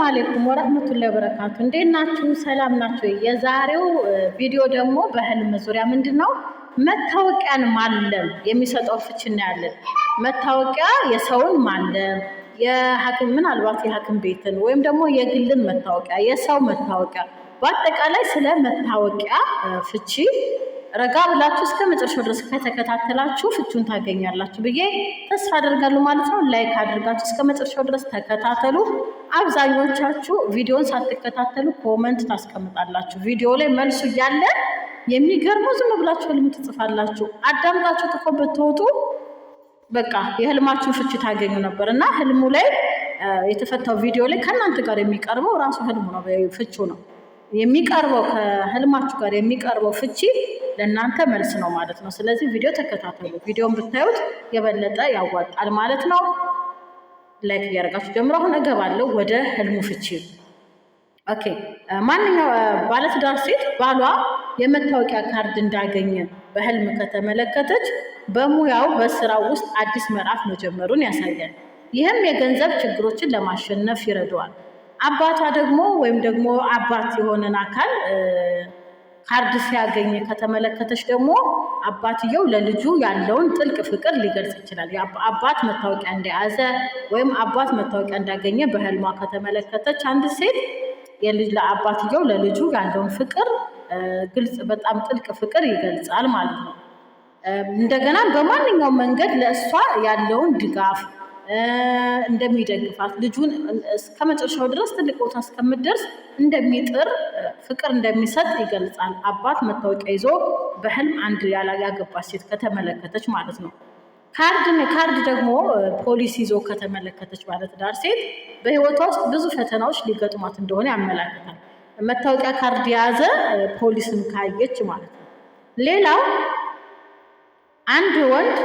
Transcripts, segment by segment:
ሰላም አሌይኩም ወረህመቱላሂ ወበረካቱ። እንዴት ናችሁ? ሰላም ናችሁ? የዛሬው ቪዲዮ ደግሞ በህልም ዙሪያ ምንድን ነው መታወቂያን ማለም የሚሰጠው ፍች እናያለን። መታወቂያ የሰውን ማለም የሐኪም ምናልባት የሐኪም ቤትን ወይም ደግሞ የግልን መታወቂያ፣ የሰው መታወቂያ፣ በአጠቃላይ ስለ መታወቂያ ፍቺ ረጋ ብላችሁ እስከ መጨረሻው ድረስ ከተከታተላችሁ ፍቹን ታገኛላችሁ ብዬ ተስፋ አደርጋለሁ ማለት ነው። ላይክ አድርጋችሁ እስከ መጨረሻው ድረስ ተከታተሉ። አብዛኞቻችሁ ቪዲዮን ሳትከታተሉ ኮመንት ታስቀምጣላችሁ። ቪዲዮ ላይ መልሱ እያለ የሚገርመው ዝም ብላችሁ ህልም ትጽፋላችሁ። አዳምጣችሁ ጥፎ ብትወጡ በቃ የህልማችሁን ፍቺ ታገኙ ነበር እና ህልሙ ላይ የተፈታው ቪዲዮ ላይ ከእናንተ ጋር የሚቀርበው ራሱ ህልሙ ነው፣ ፍቹ ነው የሚቀርበው ከህልማችሁ ጋር የሚቀርበው ፍቺ ለእናንተ መልስ ነው ማለት ነው። ስለዚህ ቪዲዮ ተከታተሉ። ቪዲዮን ብታዩት የበለጠ ያዋጣል ማለት ነው። ላይክ እያደረጋችሁ ጀምሮ አሁን እገባለሁ ወደ ህልሙ ፍቺ። ኦኬ ማንኛው ባለትዳር ሴት ባሏ የመታወቂያ ካርድ እንዳገኘ በህልም ከተመለከተች በሙያው በስራው ውስጥ አዲስ ምዕራፍ መጀመሩን ያሳያል። ይህም የገንዘብ ችግሮችን ለማሸነፍ ይረዳዋል። አባቷ ደግሞ ወይም ደግሞ አባት የሆነን አካል ካርድ ሲያገኝ ከተመለከተች ደግሞ አባትየው ለልጁ ያለውን ጥልቅ ፍቅር ሊገልጽ ይችላል። አባት መታወቂያ እንደያዘ ወይም አባት መታወቂያ እንዳገኘ በህልሟ ከተመለከተች አንድ ሴት አባትየው ለልጁ ያለውን ፍቅር ግልጽ፣ በጣም ጥልቅ ፍቅር ይገልጻል ማለት ነው። እንደገና በማንኛውም መንገድ ለእሷ ያለውን ድጋፍ እንደሚደግፋት ልጁን እስከመጨረሻው ድረስ ትልቅ ቦታ እስከምትደርስ እንደሚጥር ፍቅር እንደሚሰጥ ይገልጻል። አባት መታወቂያ ይዞ በህልም አንድ ያላገባች ሴት ከተመለከተች ማለት ነው። ካርድ ደግሞ ፖሊስ ይዞ ከተመለከተች ባለትዳር ሴት በህይወቷ ውስጥ ብዙ ፈተናዎች ሊገጥሟት እንደሆነ ያመላክታል። መታወቂያ ካርድ የያዘ ፖሊስን ካየች ማለት ነው። ሌላው አንድ ወንድ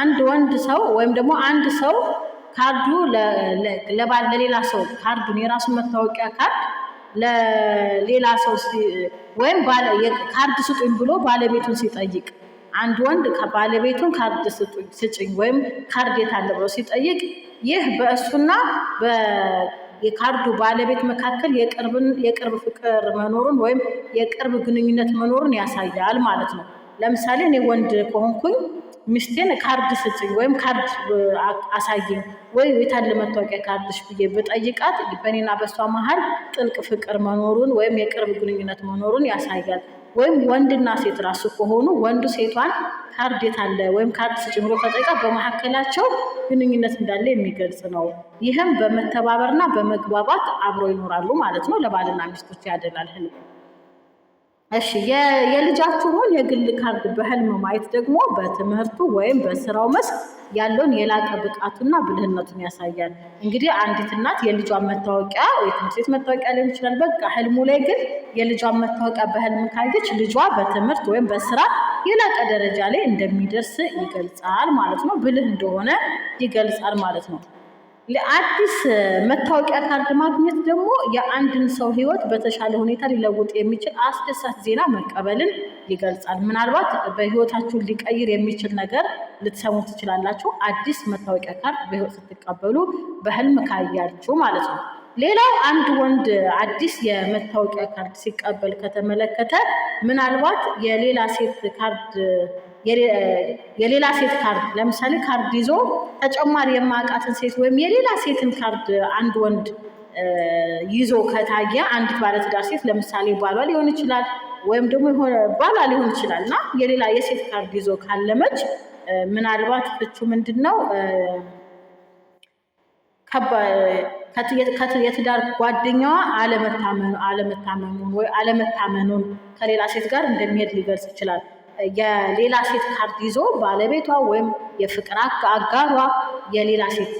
አንድ ወንድ ሰው ወይም ደግሞ አንድ ሰው ካርዱ ለባል ለሌላ ሰው ካርዱን የራሱን መታወቂያ ካርድ ለሌላ ሰው ወይም ካርድ ስጡኝ ብሎ ባለቤቱን ሲጠይቅ አንድ ወንድ ባለቤቱን ካርድ ስጭኝ ወይም ካርድ የታለ ብሎ ሲጠይቅ ይህ በእሱና የካርዱ ባለቤት መካከል የቅርብ ፍቅር መኖሩን ወይም የቅርብ ግንኙነት መኖሩን ያሳያል ማለት ነው። ለምሳሌ እኔ ወንድ ከሆንኩኝ ሚስቴን ካርድ ስጭኝ ወይም ካርድ አሳየኝ ወይ የታለ መታወቂያ ካርድሽ ብዬ ብጠይቃት በእኔና በሷ መሀል ጥልቅ ፍቅር መኖሩን ወይም የቅርብ ግንኙነት መኖሩን ያሳያል። ወይም ወንድና ሴት ራሱ ከሆኑ ወንዱ ሴቷን ካርድ የታለ ወይም ካርድ ስጭኝ ብሎ በመካከላቸው ግንኙነት እንዳለ የሚገልጽ ነው። ይህም በመተባበርና በመግባባት አብረው ይኖራሉ ማለት ነው። ለባልና ሚስቶች ያደላል ህልም እሺ የልጃችሁን የግል ካርድ በህልም ማየት ደግሞ በትምህርቱ ወይም በስራው መስክ ያለውን የላቀ ብቃቱና ብልህነቱን ያሳያል። እንግዲህ አንዲት እናት የልጇን መታወቂያ የትምህርት ቤት መታወቂያ ሊሆን ይችላል። በቃ ህልሙ ላይ ግን የልጇን መታወቂያ በህልም ካየች ልጇ በትምህርት ወይም በስራ የላቀ ደረጃ ላይ እንደሚደርስ ይገልጻል ማለት ነው። ብልህ እንደሆነ ይገልጻል ማለት ነው። ለአዲስ መታወቂያ ካርድ ማግኘት ደግሞ የአንድን ሰው ህይወት በተሻለ ሁኔታ ሊለውጥ የሚችል አስደሳች ዜና መቀበልን ይገልጻል። ምናልባት በህይወታችሁን ሊቀይር የሚችል ነገር ልትሰሙ ትችላላችሁ። አዲስ መታወቂያ ካርድ በህይወት ስትቀበሉ በህልም ካያችሁ ማለት ነው። ሌላው አንድ ወንድ አዲስ የመታወቂያ ካርድ ሲቀበል ከተመለከተ ምናልባት የሌላ ሴት ካርድ የሌላ ሴት ካርድ ለምሳሌ ካርድ ይዞ ተጨማሪ የማውቃትን ሴት ወይም የሌላ ሴትን ካርድ አንድ ወንድ ይዞ ከታየ አንዲት ባለትዳር ሴት ለምሳሌ ባሏ ሊሆን ይችላል ወይም ደግሞ ባሏ ሊሆን ይችላል እና የሌላ የሴት ካርድ ይዞ ካለመች ምናልባት ፍቹ ምንድን ነው? የትዳር ጓደኛዋ አለመታመኑን ወይ አለመታመኑን ከሌላ ሴት ጋር እንደሚሄድ ሊገልጽ ይችላል። የሌላ ሴት ካርድ ይዞ ባለቤቷ ወይም የፍቅር አጋሯ የሌላ ሴት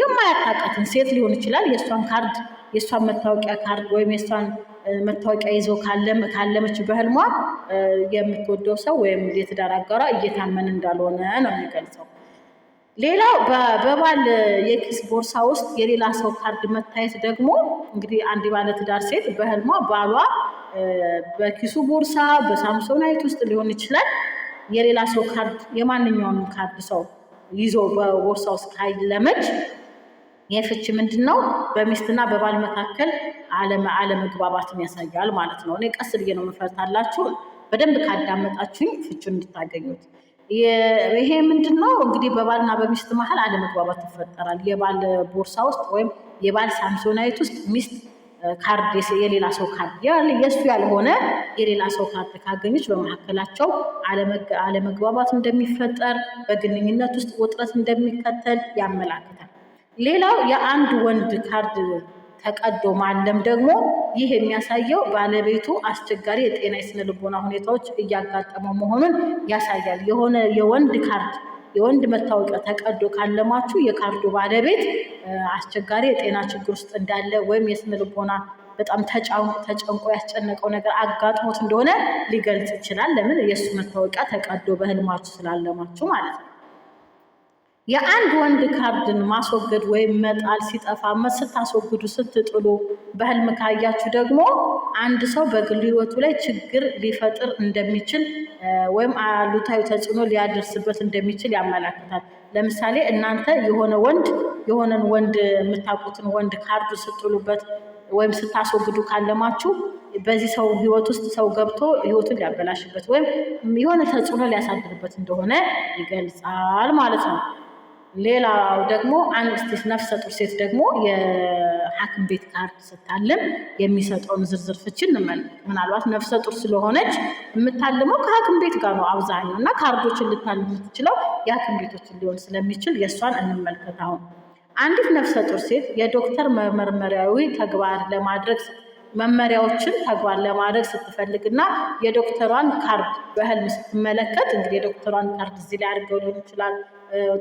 የማያታቃትን ሴት ሊሆን ይችላል የእሷን ካርድ የእሷን መታወቂያ ካርድ ወይም የእሷን መታወቂያ ይዞ ካለመች በህልሟ የምትወደው ሰው ወይም የትዳር አጋሯ እየታመን እንዳልሆነ ነው የሚገልጸው። ሌላው በባል የኪስ ቦርሳ ውስጥ የሌላ ሰው ካርድ መታየት ደግሞ እንግዲህ አንድ ባለትዳር ሴት በህልሟ ባሏ በኪሱ ቦርሳ በሳምሶናይት ውስጥ ሊሆን ይችላል የሌላ ሰው ካርድ የማንኛውንም ካርድ ሰው ይዞ በቦርሳ ውስጥ ካይለመድ የፍች ምንድን ነው? በሚስትና በባል መካከል አለመግባባትን ያሳያል ማለት ነው። እኔ ቀስ ብዬ ነው የምፈታላችሁ። በደንብ ካዳመጣችሁኝ ፍቹን እንድታገኙት ይሄ ምንድን ነው እንግዲህ በባልና በሚስት መሀል አለመግባባት ይፈጠራል። የባል ቦርሳ ውስጥ ወይም የባል ሳምሶናይት ውስጥ ሚስት ካርድ የሌላ ሰው ካርድ የእሱ ያልሆነ የሌላ ሰው ካርድ ካገኘች በመካከላቸው አለመግባባት እንደሚፈጠር በግንኙነት ውስጥ ውጥረት እንደሚከተል ያመላክታል። ሌላው የአንድ ወንድ ካርድ ተቀዶ ማለም ደግሞ ይህ የሚያሳየው ባለቤቱ አስቸጋሪ የጤና የስነ ልቦና ሁኔታዎች እያጋጠመው መሆኑን ያሳያል። የሆነ የወንድ ካርድ የወንድ መታወቂያ ተቀዶ ካለማችሁ የካርዱ ባለቤት አስቸጋሪ የጤና ችግር ውስጥ እንዳለ ወይም የስነ ልቦና በጣም ተጨንቆ ያስጨነቀው ነገር አጋጥሞት እንደሆነ ሊገልጽ ይችላል። ለምን? የእሱ መታወቂያ ተቀዶ በህልማችሁ ስላለማችሁ ማለት ነው። የአንድ ወንድ ካርድን ማስወገድ ወይም መጣል ሲጠፋ ስታስወግዱ ስትጥሉ በህልም ካያችሁ ደግሞ አንድ ሰው በግል ህይወቱ ላይ ችግር ሊፈጥር እንደሚችል ወይም አሉታዊ ተጽዕኖ ሊያደርስበት እንደሚችል ያመላክታል። ለምሳሌ እናንተ የሆነ ወንድ የሆነን ወንድ የምታውቁትን ወንድ ካርዱ ስትጥሉበት ወይም ስታስወግዱ ካለማችሁ በዚህ ሰው ህይወት ውስጥ ሰው ገብቶ ህይወቱን ሊያበላሽበት ወይም የሆነ ተጽዕኖ ሊያሳድርበት እንደሆነ ይገልጻል ማለት ነው። ሌላው ደግሞ አንድ ነፍሰ ጡር ሴት ደግሞ የሐኪም ቤት ካርድ ስታልም የሚሰጠውን ዝርዝር ፍቺ እንመልከት። ምናልባት ነፍሰ ጡር ስለሆነች የምታልመው ከሐኪም ቤት ጋር ነው አብዛኛው እና ካርዶችን ልታልም የምትችለው የሐኪም ቤቶችን ሊሆን ስለሚችል የእሷን እንመልከት። አሁን አንዲት ነፍሰ ጡር ሴት የዶክተር መመርመሪያዊ ተግባር ለማድረግ መመሪያዎችን ተግባር ለማድረግ ስትፈልግና የዶክተሯን ካርድ በህልም ስትመለከት እንግዲህ የዶክተሯን ካርድ እዚህ ላይ አድርገው ሊሆን ይችላል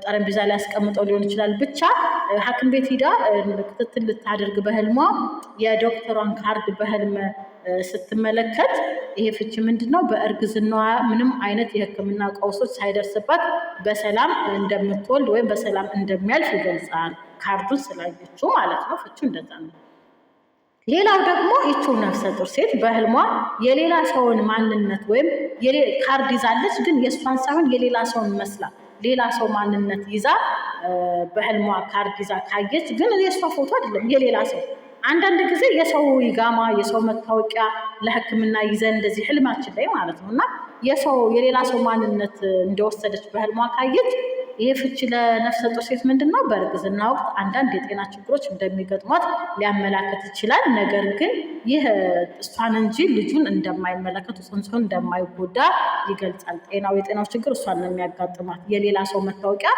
ጠረጴዛ ላይ አስቀምጠው ሊሆን ይችላል። ብቻ ሐኪም ቤት ሂዳ ክትትል ልታደርግ በህልሟ የዶክተሯን ካርድ በህልም ስትመለከት ይሄ ፍቺ ምንድን ነው? በእርግዝናዋ ምንም አይነት የህክምና ቀውሶች ሳይደርስባት በሰላም እንደምትወልድ ወይም በሰላም እንደሚያልፍ ይገልጻል። ካርዱን ስላየችው ማለት ነው። ፍቺ እንደዛ ነው። ሌላው ደግሞ ይቺው ነፍሰ ጡር ሴት በህልሟ የሌላ ሰውን ማንነት ወይም ካርድ ይዛለች፣ ግን የእሷን ሳይሆን የሌላ ሰውን መስላል ሌላ ሰው ማንነት ይዛ በህልሟ ካርድ ይዛ ካየች ግን የእሷ ፎቶ አይደለም የሌላ ሰው አንዳንድ ጊዜ የሰው ይጋማ የሰው መታወቂያ ለሕክምና ይዘን እንደዚህ ህልማችን ላይ ማለት ነው እና የሰው የሌላ ሰው ማንነት እንደወሰደች በህልሟ ካየች ይህ ፍቺ ለነፍሰ ጡር ሴት ምንድን ነው? በእርግዝና ወቅት አንዳንድ የጤና ችግሮች እንደሚገጥሟት ሊያመላክት ይችላል። ነገር ግን ይህ እሷን እንጂ ልጁን እንደማይመለከት ጽንሱን እንደማይጎዳ ይገልጻል። ጤናው የጤናው ችግር እሷን ነው የሚያጋጥማት። የሌላ ሰው መታወቂያ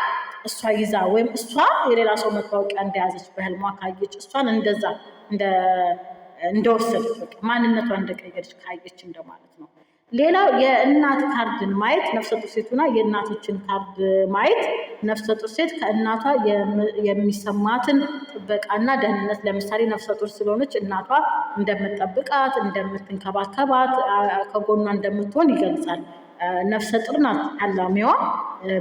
እሷ ይዛ ወይም እሷ የሌላ ሰው መታወቂያ እንደያዘች በህልሟ ካየች እሷን እንደዛ እንደወሰደች ማንነቷ እንደቀየረች ካየች እንደማለት ነው። ሌላው የእናት ካርድን ማየት ነፍሰ ጡር ሴቱና የእናቶችን ካርድ ማየት ነፍሰ ጡር ሴት ከእናቷ የሚሰማትን ጥበቃና ደህንነት፣ ለምሳሌ ነፍሰ ጡር ስለሆነች እናቷ እንደምትጠብቃት፣ እንደምትንከባከባት፣ ከጎኗ እንደምትሆን ይገልጻል። ነፍሰ ጡር ናት አላሚዋ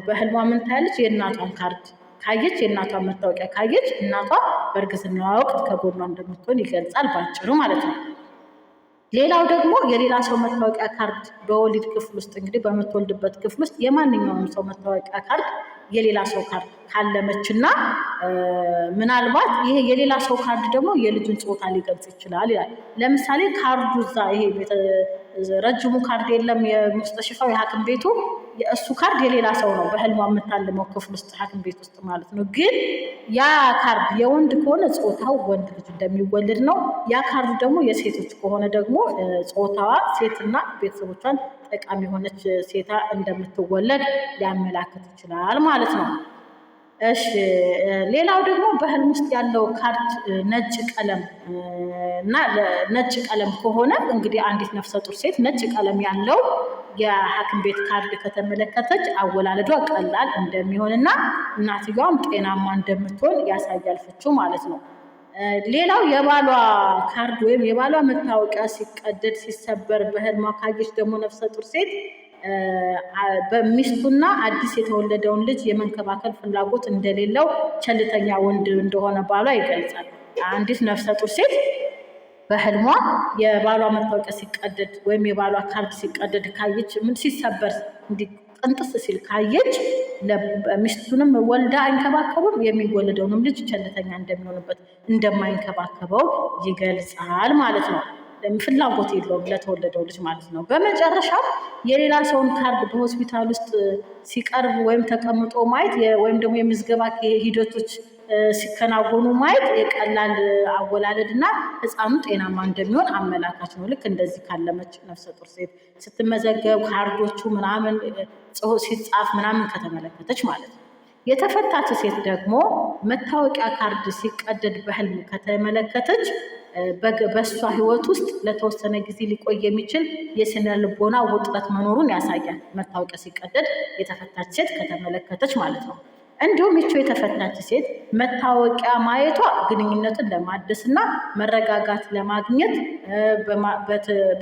በህልሟ ምን ታያለች? የእናቷን ካርድ ካየች የእናቷን መታወቂያ ካየች እናቷ በእርግዝናዋ ወቅት ከጎኗ እንደምትሆን ይገልጻል፣ ባጭሩ ማለት ነው። ሌላው ደግሞ የሌላ ሰው መታወቂያ ካርድ በወሊድ ክፍል ውስጥ እንግዲህ በምትወልድበት ክፍል ውስጥ የማንኛውም ሰው መታወቂያ ካርድ የሌላ ሰው ካርድ ካለመች እና ምናልባት ይሄ የሌላ ሰው ካርድ ደግሞ የልጁን ጾታ ሊገልጽ ይችላል ይላል። ለምሳሌ ካርዱ እዛ ይሄ ረጅሙ ካርድ የለም የውስጥ ሽፋው የሐኪም ቤቱ የእሱ ካርድ የሌላ ሰው ነው። በህልሟ የምታልመው ክፍል ውስጥ ሐኪም ቤት ውስጥ ማለት ነው። ግን ያ ካርድ የወንድ ከሆነ ፆታው ወንድ ልጅ እንደሚወለድ ነው። ያ ካርድ ደግሞ የሴቶች ከሆነ ደግሞ ፆታዋ ሴትና ቤተሰቦቿን ጠቃሚ የሆነች ሴታ እንደምትወለድ ሊያመላክት ይችላል ማለት ነው። እሺ ሌላው ደግሞ በህልም ውስጥ ያለው ካርድ ነጭ ቀለም እና ነጭ ቀለም ከሆነ እንግዲህ አንዲት ነፍሰ ጡር ሴት ነጭ ቀለም ያለው የሐኪም ቤት ካርድ ከተመለከተች አወላለዷ ቀላል እንደሚሆንና እናትየዋም ጤናማ እንደምትሆን ያሳያል ፍቹ ማለት ነው። ሌላው የባሏ ካርድ ወይም የባሏ መታወቂያ ሲቀደድ ሲሰበር በህልሟ ካየች ደግሞ ነፍሰ ጡር ሴት በሚስቱና አዲስ የተወለደውን ልጅ የመንከባከል ፍላጎት እንደሌለው ቸልተኛ ወንድ እንደሆነ ባሏ ይገልጻል። አንዲት ነፍሰ ጡር ሴት በህልሟ የባሏ መታወቂያ ሲቀደድ ወይም የባሏ ካርድ ሲቀደድ ካየች፣ ምን ሲሰበር ቅንጥስ ሲል ካየች ሚስቱንም ወልዳ አይንከባከቡም፣ የሚወለደውንም ልጅ ቸልተኛ እንደሚሆንበት እንደማይንከባከበው ይገልጻል ማለት ነው። ፍላጎት የለውም ለተወለደው ልጅ ማለት ነው። በመጨረሻ የሌላ ሰውን ካርድ በሆስፒታል ውስጥ ሲቀርብ ወይም ተቀምጦ ማየት ወይም ደግሞ የምዝገባ ሂደቶች ሲከናወኑ ማየት የቀላል አወላለድ እና ህፃኑ ጤናማ እንደሚሆን አመላካች ነው። ልክ እንደዚህ ካለመች ነፍሰ ጡር ሴት ስትመዘገብ ካርዶቹ ምናምን ሲጻፍ ምናምን ከተመለከተች ማለት ነው። የተፈታች ሴት ደግሞ መታወቂያ ካርድ ሲቀደድ በህልም ከተመለከተች በእሷ ህይወት ውስጥ ለተወሰነ ጊዜ ሊቆይ የሚችል የስነ ልቦና ውጥረት መኖሩን ያሳያል። መታወቂያ ሲቀደድ የተፈታች ሴት ከተመለከተች ማለት ነው። እንዲሁም ይቺ የተፈታች ሴት መታወቂያ ማየቷ ግንኙነትን ለማደስ እና መረጋጋት ለማግኘት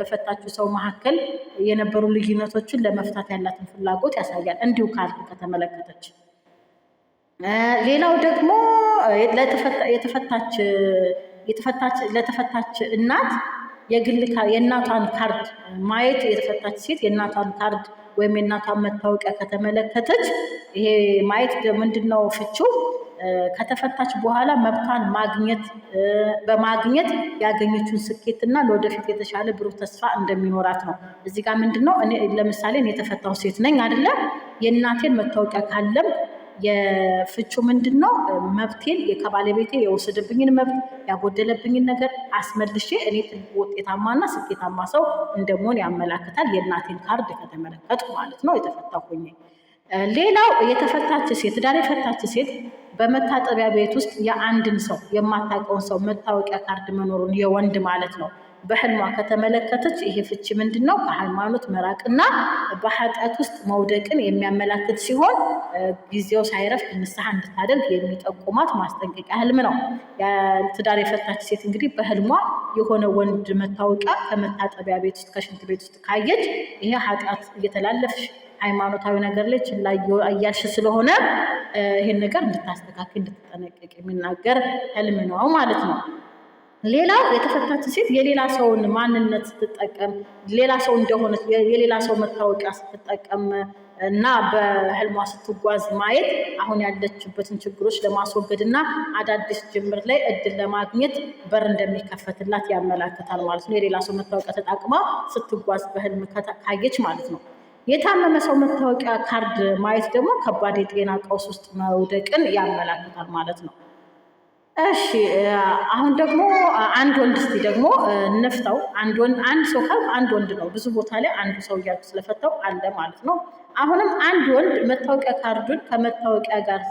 በፈታችው ሰው መካከል የነበሩ ልዩነቶችን ለመፍታት ያላትን ፍላጎት ያሳያል። እንዲሁ ካልክ ከተመለከተች ሌላው ደግሞ የተፈታች ለተፈታች እናት የግል የእናቷን ካርድ ማየት የተፈታች ሴት የእናቷን ካርድ ወይም የእናቷን መታወቂያ ከተመለከተች ይሄ ማየት ምንድነው ፍቺው? ከተፈታች በኋላ መብቷን ማግኘት በማግኘት ያገኘችውን እና ለወደፊት የተሻለ ብሩህ ተስፋ እንደሚኖራት ነው። እዚህ ጋር ምንድን ነው ለምሳሌ እኔ የተፈታው ሴት ነኝ አይደለም የእናቴን መታወቂያ ካለም የፍቹ ምንድን ነው? መብቴን ከባለቤቴ የወሰደብኝን መብት ያጎደለብኝን ነገር አስመልሼ እኔ ውጤታማና ስኬታማ ሰው እንደመሆን ያመላክታል። የእናቴን ካርድ ከተመለከትኩ ማለት ነው የተፈታሁ ሌላው የተፈታች ሴት ዳር የፈታች ሴት በመታጠቢያ ቤት ውስጥ የአንድን ሰው የማታውቀውን ሰው መታወቂያ ካርድ መኖሩን የወንድ ማለት ነው በህልሟ ከተመለከተች ይሄ ፍቺ ምንድን ነው? ከሃይማኖት መራቅና በኃጢአት ውስጥ መውደቅን የሚያመላክት ሲሆን ጊዜው ሳይረፍ ንስሐ እንድታደርግ የሚጠቁማት ማስጠንቀቂያ ህልም ነው። ትዳር የፈታች ሴት እንግዲህ በህልሟ የሆነ ወንድ መታወቂያ ከመታጠቢያ ቤት ውስጥ ከሽንት ቤት ውስጥ ካየች ይሄ ኃጢአት እየተላለፍሽ ሃይማኖታዊ ነገር ላይ ችላ እያልሽ ስለሆነ ይህን ነገር እንድታስተካክል እንድትጠነቀቅ የሚናገር ህልም ነው ማለት ነው። ሌላ የተፈታች ሴት የሌላ ሰውን ማንነት ስትጠቀም ሌላ ሰው እንደሆነ የሌላ ሰው መታወቂያ ስትጠቀም እና በህልሟ ስትጓዝ ማየት አሁን ያለችበትን ችግሮች ለማስወገድ እና አዳዲስ ጅምር ላይ እድል ለማግኘት በር እንደሚከፈትላት ያመላክታል ማለት ነው። የሌላ ሰው መታወቂያ ተጠቅማ ስትጓዝ በህልም ካየች ማለት ነው። የታመመ ሰው መታወቂያ ካርድ ማየት ደግሞ ከባድ የጤና ቀውስ ውስጥ መውደቅን ያመላክታል ማለት ነው። እሺ አሁን ደግሞ አንድ ወንድ እስቲ ደግሞ እንፍታው። አንድ ወንድ አንድ ሰው ካብ አንድ ወንድ ነው። ብዙ ቦታ ላይ አንዱ ሰው እያሉ ስለፈታው አለ ማለት ነው። አሁንም አንድ ወንድ መታወቂያ ካርዱን ከመታወቂያ ጋር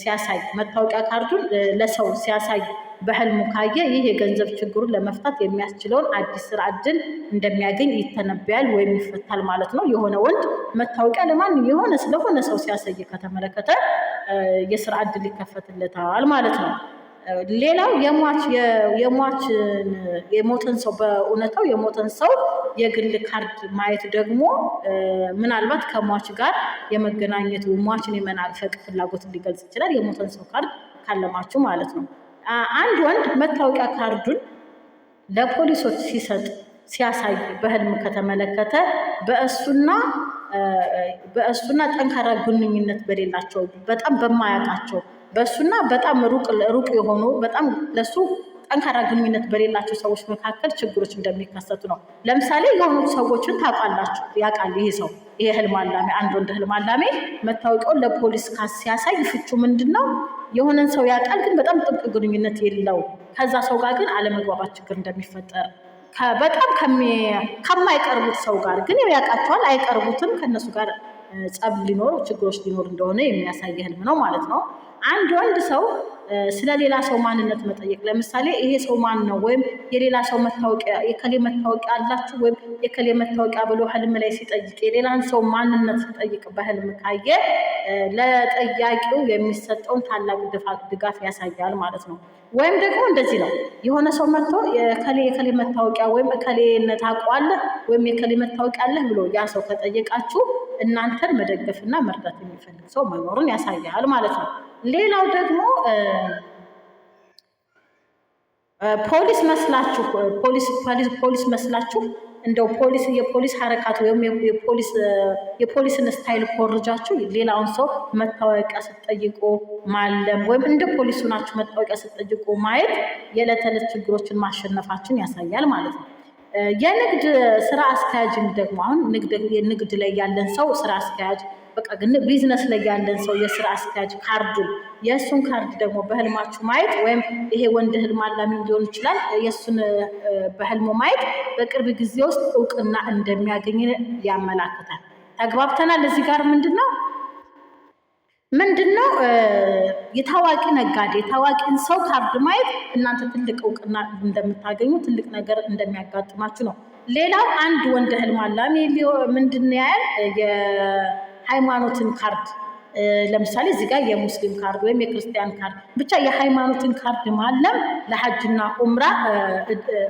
ሲያሳይ መታወቂያ ካርዱን ለሰው ሲያሳይ በህልሙ ካየ ይህ የገንዘብ ችግሩን ለመፍታት የሚያስችለውን አዲስ ስራ እድል እንደሚያገኝ ይተነበያል ወይም ይፈታል ማለት ነው። የሆነ ወንድ መታወቂያ ለማን የሆነ ስለሆነ ሰው ሲያሳይ ከተመለከተ የስራ እድል ይከፈትለታል ማለት ነው። ሌላው የሟች የሟች የሞተን ሰው በእውነታው የሞተን ሰው የግል ካርድ ማየት ደግሞ ምናልባት ከሟች ጋር የመገናኘቱ ሟችን የመናፈቅ ፍላጎት ሊገልጽ ይችላል። የሞተን ሰው ካርድ ካለማችሁ ማለት ነው። አንድ ወንድ መታወቂያ ካርዱን ለፖሊሶች ሲሰጥ ሲያሳይ በህልም ከተመለከተ በእሱና በእሱና ጠንካራ ግንኙነት በሌላቸው በጣም በማያውቃቸው በእሱና በጣም ሩቅ የሆኑ በጣም ለሱ ጠንካራ ግንኙነት በሌላቸው ሰዎች መካከል ችግሮች እንደሚከሰቱ ነው። ለምሳሌ የሆኑ ሰዎችን ታውቃላችሁ፣ ያውቃል ይሄ ሰው ይሄ ህልም አላሜ፣ አንድ ወንድ ህልም አላሜ መታወቂያውን ለፖሊስ ሲያሳይ ፍቹ ምንድን ነው? የሆነን ሰው ያውቃል፣ ግን በጣም ጥብቅ ግንኙነት የለው። ከዛ ሰው ጋር ግን አለመግባባት ችግር እንደሚፈጠር በጣም ከማይቀርቡት ሰው ጋር ግን ያውቃቸዋል፣ አይቀርቡትም ከነሱ ጋር ጸብ ሊኖር ችግሮች ሊኖር እንደሆነ የሚያሳይ ህልም ነው ማለት ነው። አንድ ወንድ ሰው ስለ ሌላ ሰው ማንነት መጠየቅ፣ ለምሳሌ ይሄ ሰው ማን ነው ወይም የሌላ ሰው መታወቂያ የከሌ መታወቂያ አላችሁ ወይም የከሌ መታወቂያ ብሎ ህልም ላይ ሲጠይቅ የሌላን ሰው ማንነት ሲጠይቅ በህልም ካየ ለጠያቂው የሚሰጠውን ታላቅ ድጋፍ ያሳያል ማለት ነው። ወይም ደግሞ እንደዚህ ነው የሆነ ሰው መጥቶ የከሌ የከሌ መታወቂያ ወይም እከሌነት ታውቀዋለህ ወይም የከሌ መታወቂያ አለህ ብሎ ያ ሰው ከጠየቃችሁ እናንተን መደገፍና መርዳት የሚፈልግ ሰው መኖሩን ያሳያል ማለት ነው። ሌላው ደግሞ ፖሊስ መስላችሁ ፖሊስ መስላችሁ እንደው ፖሊስ የፖሊስ ሀረካት ወይም የፖሊስን ስታይል ኮርጃችሁ ሌላውን ሰው መታወቂያ ስትጠይቁ ማለም ወይም እንደ ፖሊሱ ናችሁ መታወቂያ ስጠይቁ ማየት የዕለት ተዕለት ችግሮችን ማሸነፋችን ያሳያል ማለት ነው። የንግድ ስራ አስኪያጅን ደግሞ አሁን ንግድ ላይ ያለን ሰው ስራ አስኪያጅ በቃ ግን ቢዝነስ ላይ ያለን ሰው የስራ አስኪያጅ ካርዱ የእሱን ካርድ ደግሞ በህልማችሁ ማየት ወይም ይሄ ወንድ ህልም አላሚ ሊሆን ይችላል። የእሱን በህልሙ ማየት በቅርብ ጊዜ ውስጥ እውቅና እንደሚያገኝ ያመላክታል። ተግባብተናል። እዚህ ጋር ምንድን ነው ምንድነው የታዋቂ ነጋዴ የታዋቂን ሰው ካርድ ማየት እናንተ ትልቅ እውቅና እንደምታገኙ ትልቅ ነገር እንደሚያጋጥማችሁ ነው። ሌላው አንድ ወንድ ህልም አላሚ ምንድን ያህል የሃይማኖትን ካርድ ለምሳሌ እዚህ ጋር የሙስሊም ካርድ ወይም የክርስቲያን ካርድ ብቻ የሃይማኖትን ካርድ ማለም ለሐጅና ኡምራ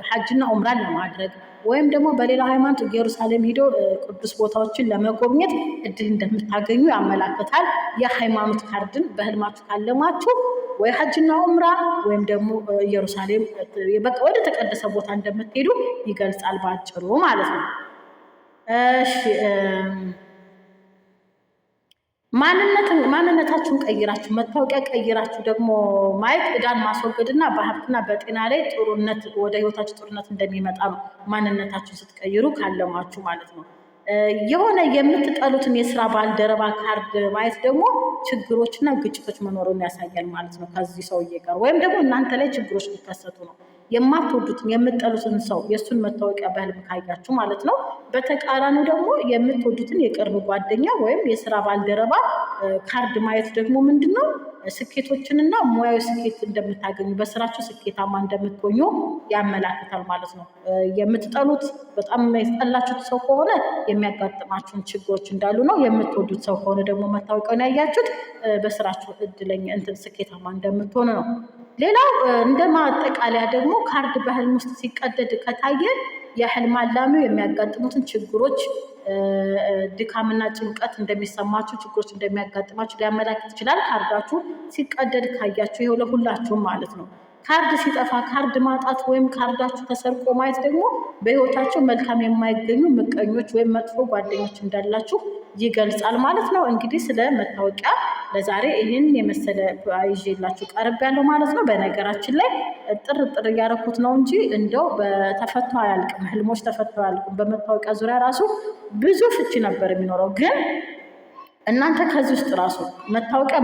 ሐጅና ኡምራ ለማድረግ ወይም ደግሞ በሌላ ሃይማኖት ኢየሩሳሌም ሂዶ ቅዱስ ቦታዎችን ለመጎብኘት እድል እንደምታገኙ ያመላክታል። የሃይማኖት ካርድን በህልማችሁ ካለማችሁ ወይ ሐጅና ኡምራ ወይም ደግሞ ኢየሩሳሌም ወደ ተቀደሰ ቦታ እንደምትሄዱ ይገልጻል በአጭሩ ማለት ነው። እሺ ማንነታችሁን ቀይራችሁ መታወቂያ ቀይራችሁ ደግሞ ማየት ማስወገድ ማስወገድና በሀብትና በጤና ላይ ጥሩነት ወደ ህይወታችሁ ጥሩነት እንደሚመጣ ነው። ማንነታችሁን ስትቀይሩ ካለማችሁ ማለት ነው። የሆነ የምትጠሉትን የስራ ባልደረባ ካርድ ማየት ደግሞ ችግሮችና ግጭቶች መኖሩን ያሳያል ማለት ነው። ከዚህ ሰውዬ ጋር ወይም ደግሞ እናንተ ላይ ችግሮች ሊከሰቱ ነው። የማትወዱትን የምትጠሉትን ሰው የእሱን መታወቂያ በህልም ካያችሁ ማለት ነው። በተቃራኒ ደግሞ የምትወዱትን የቅርብ ጓደኛ ወይም የስራ ባልደረባ ካርድ ማየት ደግሞ ምንድን ነው ስኬቶችንና ሙያዊ ስኬት እንደምታገኙ በስራችሁ ስኬታማ እንደምትሆኙ ያመላክታል ማለት ነው። የምትጠሉት በጣም የጠላችሁት ሰው ከሆነ የሚያጋጥማችሁን ችግሮች እንዳሉ ነው። የምትወዱት ሰው ከሆነ ደግሞ መታወቂያውን ያያችሁት በስራችሁ እድለኛ እንትን ስኬታማ እንደምትሆኑ ነው። ሌላው እንደ ማጠቃለያ ደግሞ ካርድ በህልም ውስጥ ሲቀደድ ከታየ የህልም አላሚው የሚያጋጥሙትን ችግሮች፣ ድካምና ጭንቀት እንደሚሰማችሁ ችግሮች እንደሚያጋጥማችሁ ሊያመላክት ይችላል። ካርዳችሁ ሲቀደድ ካያችሁ ይኸው ለሁላችሁም ማለት ነው። ካርድ ሲጠፋ ካርድ ማጣት ወይም ካርዳችሁ ተሰርቆ ማየት ደግሞ በህይወታቸው መልካም የማይገኙ ምቀኞች ወይም መጥፎ ጓደኞች እንዳላችሁ ይገልጻል ማለት ነው። እንግዲህ ስለ መታወቂያ ለዛሬ ይህን የመሰለ ይዤላችሁ ቀርብ ያለው ማለት ነው። በነገራችን ላይ ጥር ጥር እያደረኩት ነው እንጂ እንደው በተፈቶ አያልቅም፣ ህልሞች ተፈቶ አያልቁም በመታወቂያ ዙሪያ ራሱ ብዙ ፍቺ ነበር የሚኖረው ግን እናንተ ከዚህ ውስጥ ራሱ መታወቂያ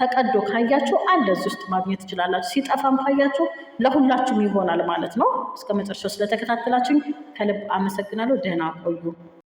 ተቀዶ ካያችሁ አለ እዚህ ውስጥ ማግኘት ትችላላችሁ። ሲጠፋም ካያችሁ ለሁላችሁም ይሆናል ማለት ነው። እስከ መጨረሻው ስለተከታተላችሁኝ ከልብ አመሰግናለሁ። ደህና ቆዩ።